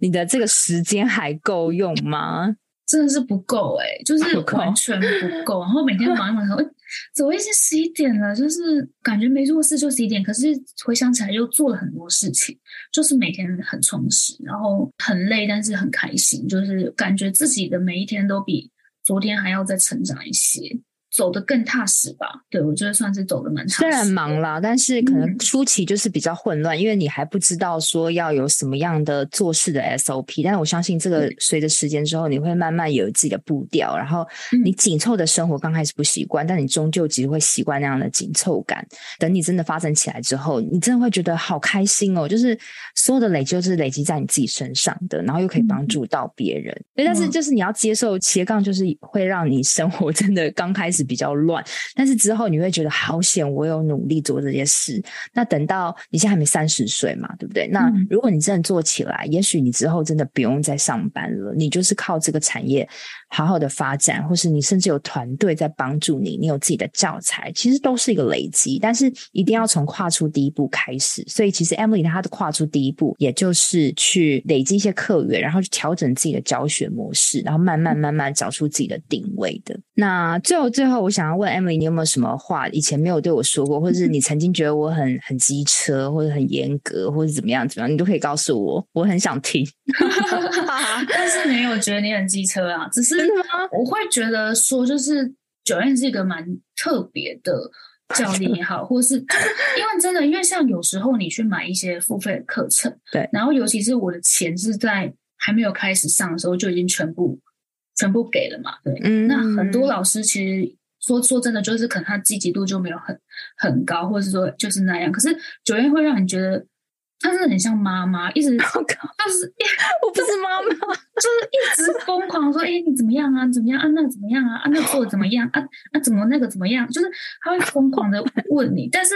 你的這個時間還夠用嗎？ 真的是不夠哎、欸，就是完全不夠。啊、然後每天忙完之後，怎麼已經十一點了？就是感覺沒做事就十一點，可是回想起來又做了很多事情，就是每天很充實，然後很累，但是很開心，就是感覺自己的每一天都比昨天還要再成長一些。走得更踏實吧，對，我覺得算是走得蠻踏實。雖然忙啦，但是可能初期就是比較混亂，嗯、因為你還不知道說要有什麼樣的做事的 SOP。但是我相信這個隨着時間之後，你會慢慢有自己的步調。然後你緊湊的生活剛開始不習慣，嗯、但你終究只會習慣那樣的緊湊感。等你真的發展起來之後，你真的會覺得好開心哦，就是。所有的累積就是累積在你自己身上的，然後又可以幫助到別人。對、嗯，但是就是你要接受，斜槓就是會讓你生活真的剛開始比較亂，但是之後你會覺得好險，我有努力做這些事。那等到你現在還沒三十歲嘛，對不對？嗯、那如果你真的做起來，也許你之後真的不用再上班了，你就是靠這個產業好好的發展，或是你甚至有團隊在幫助你，你有自己的教材，其實都是一個累積。但是一定要從跨出第一步開始。所以其實 Emily 她她的跨出第一步。步，也就是去累積一些客源，然後去調整自己的教學模式，然後慢慢慢慢找出自己的定位的。那最後最後，我想要問 Emily，你有沒有什麼話以前沒有對我說過，或者是你曾經覺得我很很機車，或者很嚴格，或者怎麼樣怎麼樣，你都可以告訴我，我很想聽？但是沒有覺得你很機車啊，只是我會覺得說，就是 Joanne 是一個蠻特別的。教練也好， 或是，是因為真的，因為像有時候你去買一些付費的課程，對，然後尤其是我的錢是在還沒有開始上的時候就已經全部全部給了嘛，對，嗯、那很多老師其實說說真的，就是可能他積極度就沒有很很高，或是說就是那樣，可是 Joanne 會讓你覺得。他是很像媽媽，一直、oh、God, 他是，欸、我不是媽媽，就是一直瘋狂說，哎、 欸，你怎麼樣啊？怎麼樣啊？那個、怎麼樣啊？那怎麼樣啊？那做的怎麼樣啊？啊，怎麼那個怎麼樣？就是他會瘋狂的問你， 但是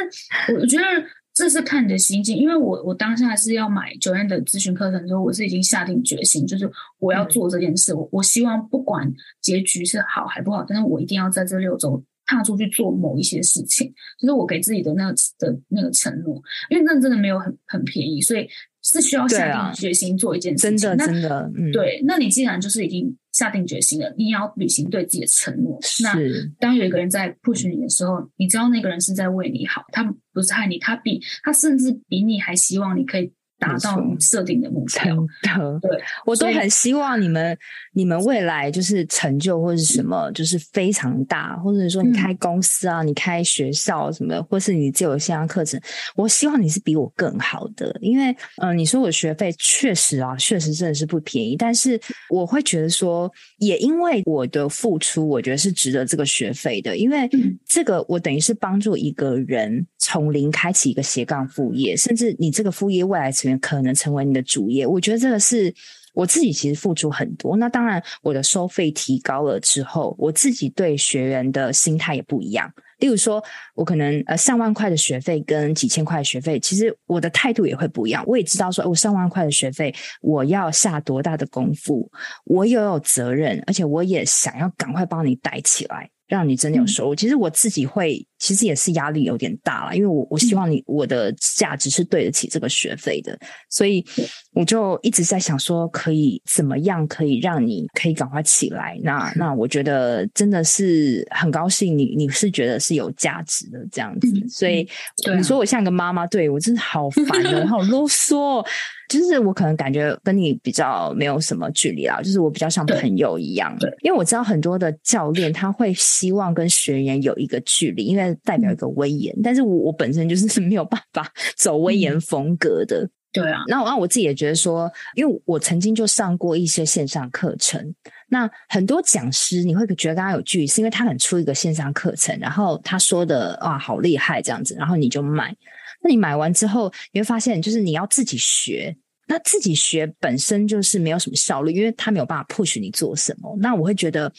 我覺得這是看你的心情，因為我我當下是要買 Joanne 的諮詢課程，就我是已經下定決心，就是我要做這件事，嗯、我我希望不管結局是好還不好，但是我一定要在這六周。踏出去做某一些事情，就是我給自己的那個的那個承諾，因為那真的沒有很很便宜，所以是需要下定決心做一件事情，真的，啊、真的，對，那你既然就是已經下定決心了，你要履行對自己的承諾。是那當有一個人在 push 你的時候，你知道那個人是在為你好，他不是害你，他比他甚至比你還希望你可以，達到設定的目標沒錯，對，我都很希望你們，嗯、你們未來就是成就或是什麼，就是非常大，或者說你開公司啊，嗯、你開學校什麼的，或是你自有線上課程，我希望你是比我更好的，因為，嗯，你說我學費確實啊，確實真的是不便宜，但是我會覺得說，也因為我的付出，我覺得是值得這個學費的，因為這個我等於是幫助一個人從零開啟一個斜槓副業，甚至你這個副業未來。可能成為你的主業，我覺得這個是我自己其實付出很多。那當然，我的收費提高了之後，我自己對學員的心態也不一樣。例如說，我可能呃上萬塊的學費跟幾千塊的學費，其實我的態度也會不一樣。我也知道說，我、呃、上萬塊的學費，我要下多大的功夫，我也有責任，而且我也想要趕快幫你帶起來，讓你真的有收入。嗯、其實我自己會。其實也是壓力有點大了，因為我我希望你我的價值是對得起這個學費的，嗯、所以我就一直在想說，可以怎麼樣可以讓你可以趕快起來？那那我覺得真的是很高興你，你你是覺得是有價值的這樣子，嗯、所以你說我像個媽媽，嗯、對、啊、對我真的好煩的，我好囉嗦， 就是我可能感覺跟你比較沒有什麼距離啦，就是我比較像朋友一樣的，嗯、對，因為我知道很多的教練他會希望跟學員有一個距離，因為代表一個威嚴，但是我我本身就是沒有辦法走威嚴風格的，嗯、對啊。那我啊，我自己也覺得說，因為我曾經就上過一些線上課程，那很多講師你會覺得剛剛有距離，是因為他很出一個線上課程，然後他說的哇、啊、好厲害這樣子，然後你就買。那你買完之後，你會發現就是你要自己學，那自己學本身就是沒有什麼效率，因為他沒有辦法 push 你做什麼。那我會覺得，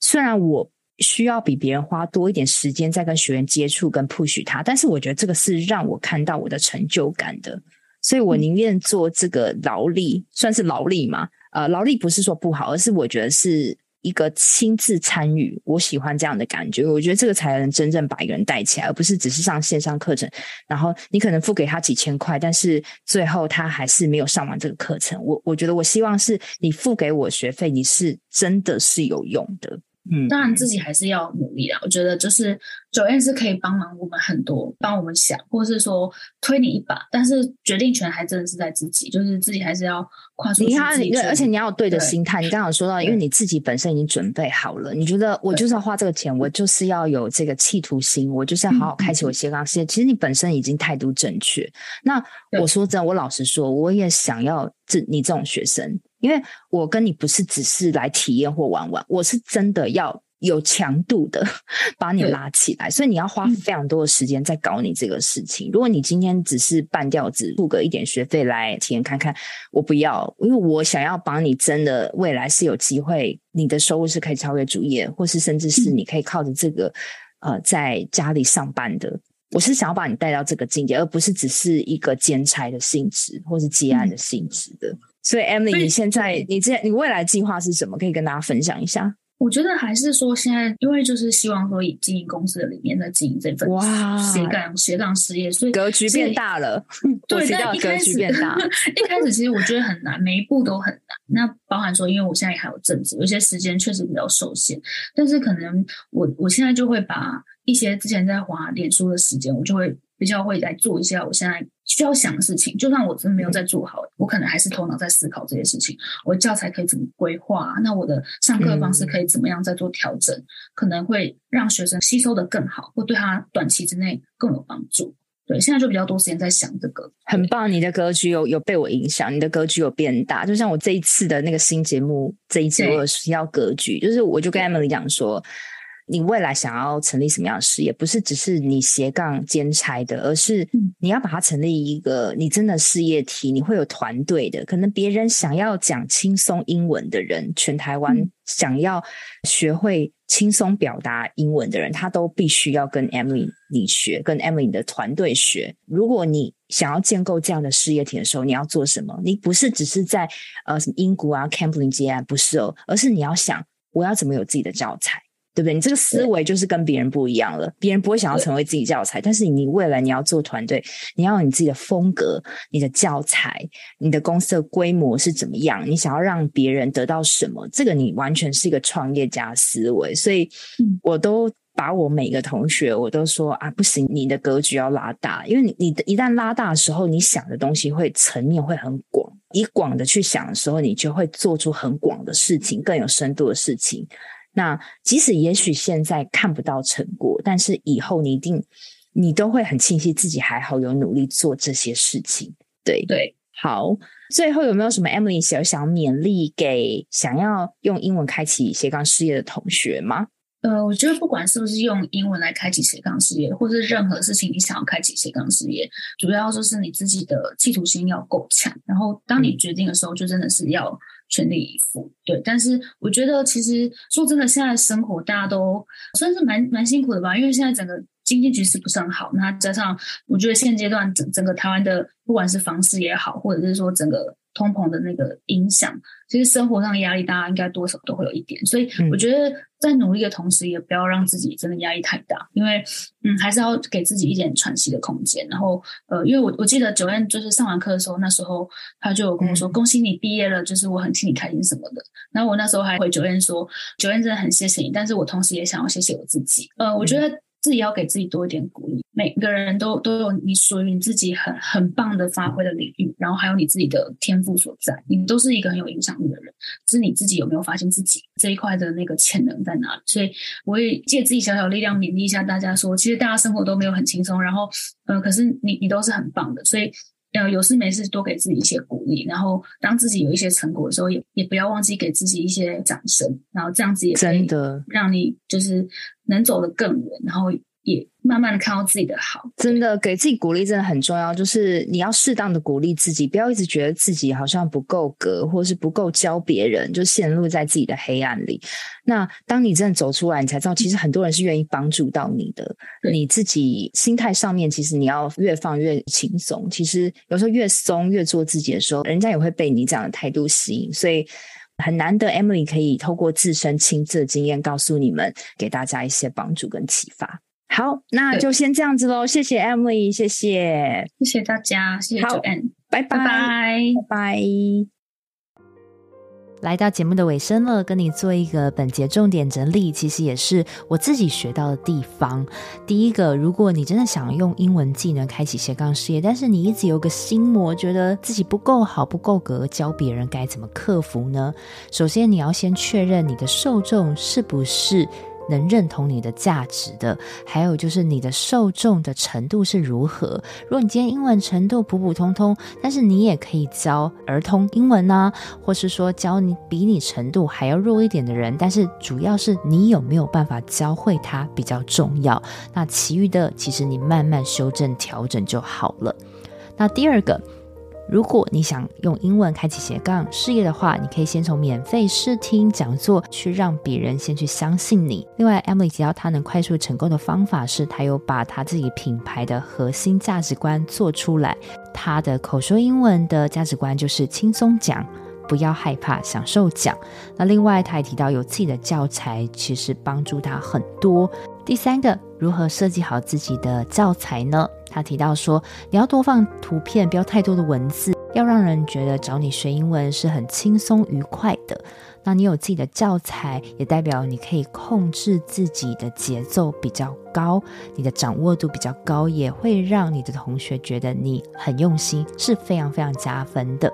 雖然我。需要比別人花多一點時間再跟學員接觸、跟 push 他，但是我覺得這個是讓我看到我的成就感的，所以我寧願做這個勞力，嗯、算是勞力嘛？呃，勞力不是說不好，而是我覺得是一個親自參與，我喜歡這樣的感覺。我覺得這個才能真正把一個人帶起來，而不是只是上線上課程。然後你可能付給他幾千塊，但是最後他還是沒有上完這個課程。我我覺得我希望是你付給我學費，你是真的是有用的。嗯，當然自己還是要努力啦。我覺得就是 Joanne 是可以幫忙我們很多，幫我們想，或是說推你一把，但是決定權還真的是在自己，就是自己還是要跨出去。你要，要對，而且你要有對的心態。對你剛剛說到，因為你自己本身已經準備好了，對你覺得我就是要花這個錢，對我就是要有這個企圖心，我就是要好好開啟我斜槓事業。嗯、其實你本身已經態度正確。那我說真的，對我老實說，我也想要這你這種學生。因為我跟你不是只是來體驗或玩玩，我是真的要有強度的把你拉起來，嗯、所以你要花非常多的時間在搞你這個事情。嗯、如果你今天只是半吊子，付個一點學費來體驗看看，我不要，因為我想要把你真的未來是有機會，你的收入是可以超越主業，或是甚至是你可以靠着這個、嗯、呃在家裡上班的。我是想要把你帶到這個境界，而不是只是一個兼差的性質或是接案的性質的。嗯所以，Emily，對你現在你這你未來計劃是什麼？可以跟大家分享一下。我覺得還是說，現在因為就是希望說以經營公司的理念在經營這份，哇，斜槓斜槓事業，所以格局變大了。蓋對，格局變大了，一開, 一開始其實我覺得很難，每一步都很難。 那包含說，因為我現在也還有正職，有些時間確實比較受限。但是可能我我現在就會把一些之前在花臉書的時間，我就會。比較會來做一下我現在需要想的事情，就算我真的沒有在做好，嗯、我可能還是頭腦在思考這些事情。我教材可以怎麼規劃、啊？那我的上課的方式可以怎麼樣再做調整？嗯、可能會讓學生吸收得更好，會對他短期之內更有幫助。對，現在就比較多時間在想這個。很棒，你的格局有有被我影響，你的格局有變大。就像我這一次的那個新節目，這一次我有需要格局，對就是我就跟 Emily 講說。你未來想要成立什麼樣的事業？不是只是你斜槓兼差的，而是你要把它成立一個你真的事業體，你會有團隊的。可能別人想要講輕鬆英文的人，全台灣想要學會輕鬆表達英文的人，他都必須要跟 Emily 你學，跟 Emily 的團隊學。如果你想要建構這樣的事業體的時候，你要做什麼？你不是只是在呃什麼英國啊 Cambridge 啊，不是哦，而是你要想，我要怎麼有自己的教材。對不對？你這個思維就是跟別人不一樣了。對別人不會想要成為自己教材，對但是你未來你要做團隊，你要有你自己的風格、你的教材、你的公司的規模是怎麼樣？你想要讓別人得到什麼？這個你完全是一個創業家思維。所以我都把我每個同學，我都說、嗯、啊，不行，你的格局要拉大，因為你你的一旦拉大的時候，你想的東西會層面會很廣。以廣的去想的時候，你就會做出很廣的事情，更有深度的事情。那即使也許現在看不到成果，但是以後你一定你都會很慶幸自己還好有努力做這些事情。對對，好，最後有沒有什麼 Emily 想要勉勵給想要用英文開啟斜槓事業的同學嗎？呃，我覺得不管是不是用英文來開啟斜槓事業，或是任何事情你想要開啟斜槓事業，主要就是你自己的企圖心要夠強，然後當你決定的時候，就真的是要、嗯。全力以赴，對。但是我覺得，其實說真的，現在生活大家都算是蠻蠻辛苦的吧，因為現在整個經濟局勢不是很好，那加上我覺得現階段整整個台灣的，不管是房市也好，或者是說整個。通膨的那個影響，其實生活上的壓力，大家應該多少都會有一點。所以我覺得，在努力的同時，也不要讓自己真的壓力太大，因為，嗯，還是要給自己一點喘息的空間。然後，呃，因為我我記得 Joanne 就是上完課的時候，那時候他就有跟我說、嗯：“恭喜你畢業了，就是我很替你開心什麼的。”然後我那時候還回 Joanne 說：“Joanne 真的很謝謝你，但是我同時也想要謝謝我自己。”呃，我覺得。自己要給自己多一點鼓勵。每個人都都有你屬於你自己很很棒的發揮的領域，然後還有你自己的天賦所在。你都是一個很有影響力的人，是你自己有沒有發現自己這一塊的那個潛能在哪裡？所以我會借自己小小力量勉勵一下大家說，說其實大家生活都沒有很輕鬆，然後嗯、呃，可是你你都是很棒的，所以嗯、呃，有事沒事多給自己一些鼓勵，然後當自己有一些成果的時候，也也不要忘記給自己一些掌聲，然後這樣子也可以讓你就是。能走得更遠，然後也慢慢的看到自己的好。真的給自己鼓勵真的很重要，就是你要適當的鼓勵自己，不要一直覺得自己好像不夠格，或是不夠教別人，就陷入在自己的黑暗裡。那當你真的走出來，你才知道，其實很多人是願意幫助到你的。對你自己心態上面，其實你要越放越輕鬆。其實有時候越鬆越做自己的時候，人家也會被你這樣的態度吸引，所以。很難得，Emily 可以透過自身親自經驗告訴你們，給大家一些幫助跟啟發。好，那就先這樣子嘍，對謝謝 Emily，謝謝，謝謝大家，謝謝 n 拜拜拜拜。拜拜拜拜來到節目的尾聲了，跟你做一個本節重點整理，其實也是我自己學到的地方。第一個，如果你真的想用英文技能開啟斜槓事業，但是你一直有個心魔，覺得自己不夠好、不夠格教別人，該怎麼克服呢？首先，你要先確認你的受眾是不是能認同你的價值的，還有就是你的受眾的程度是如何。如果你今天英文程度普普通通，但是你也可以教兒童英文吶、啊，或是說教你比你程度還要弱一點的人，但是主要是你有沒有辦法教會他比較重要。那其餘的，其實你慢慢修正調整就好了。那第二個。如果你想用英文開啟斜槓事業的話，你可以先從免費試聽講座去讓別人先去相信你。另外，Emily 提到他能快速成功的方法是，他有把他自己品牌的核心價值觀做出來。他的口說英文的價值觀就是輕鬆講，不要害怕，享受講。那另外，他還提到有自己的教材，其實幫助他很多。第三個，如何設計好自己的教材呢？他提到說，你要多放圖片，不要太多的文字，要讓人覺得找你學英文是很輕鬆愉快的。那你有自己的教材，也代表你可以控制自己的節奏比較高，你的掌握度比較高，也會讓你的同學覺得你很用心，是非常非常加分的。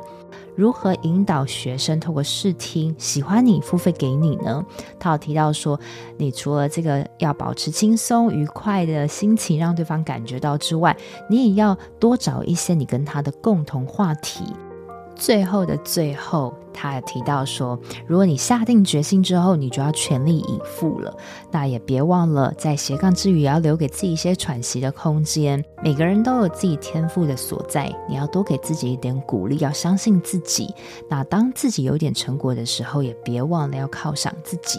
如何引導學生透過試聽喜歡你，付費給你呢？他有提到說，你除了這個要保持輕鬆愉快的心情讓對方感覺到之外，你也要多找一些你跟他的共同話題。最後的最後，他還提到說，如果你下定決心之後，你就要全力以赴了。那也別忘了，在斜槓之餘，也要留給自己一些喘息的空間。每個人都有自己天賦的所在，你要多給自己一點鼓勵，要相信自己。那當自己有點成果的時候，也別忘了要犒賞自己。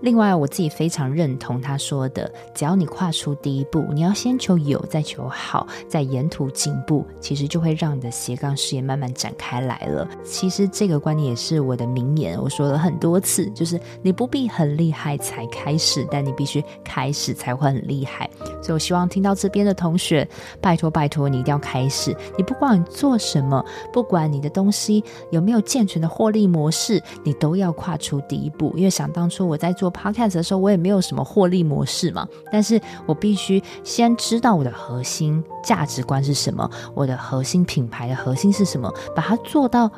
另外，我自己非常認同他說的：只要你跨出第一步，你要先求有，再求好，再沿途進步，其實就會讓你的斜槓事業慢慢展開來了。其實這個觀念也是我的名言，我說了很多次，就是你不必很厲害才開始，但你必須開始才會很厲害。所以我希望聽到這邊的同學，拜託拜託，你一定要開始。你不管你做什麼，不管你的東西有沒有健全的獲利模式，你都要跨出第一步，因為想當初我在做。podcast 的時候，我也沒有什麼獲利模式嘛，但是我必須先知道我的核心價值觀是什麼，我的核心品牌的核心是什麼，把它做到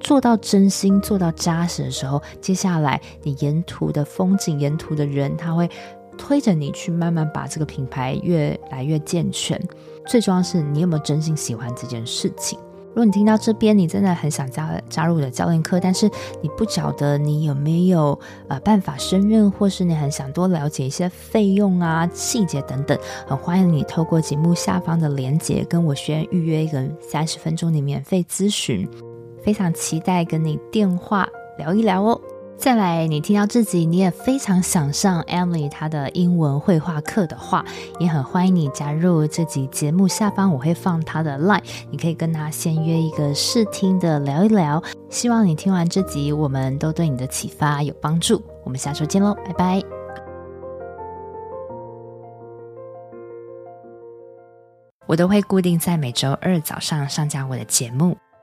做到真心，做到扎實的時候，接下來你沿途的風景，沿途的人，他會推着你去慢慢把這個品牌越來越健全。最重要是，你有沒有真心喜歡這件事情？如果你聽到這邊，你真的很想加加入我的教練課，但是你不曉得你有沒有呃辦法勝任，或是你很想多了解一些費用啊、細節等等，很歡迎你透過節目下方的連結跟我先預約一個三十分鐘的免費諮詢，非常期待跟你電話聊一聊哦。再來，你聽到這集，你也非常想上 Emily 她的英文會話課的話，也很歡迎你加入這集節目。下方我會放她的 line 你可以跟她先約一個試聽的聊一聊。希望你聽完這集，我們都對你的啟發有幫助。我們下周見嘍，拜拜。我都會固定在每周二早上上架我的節目。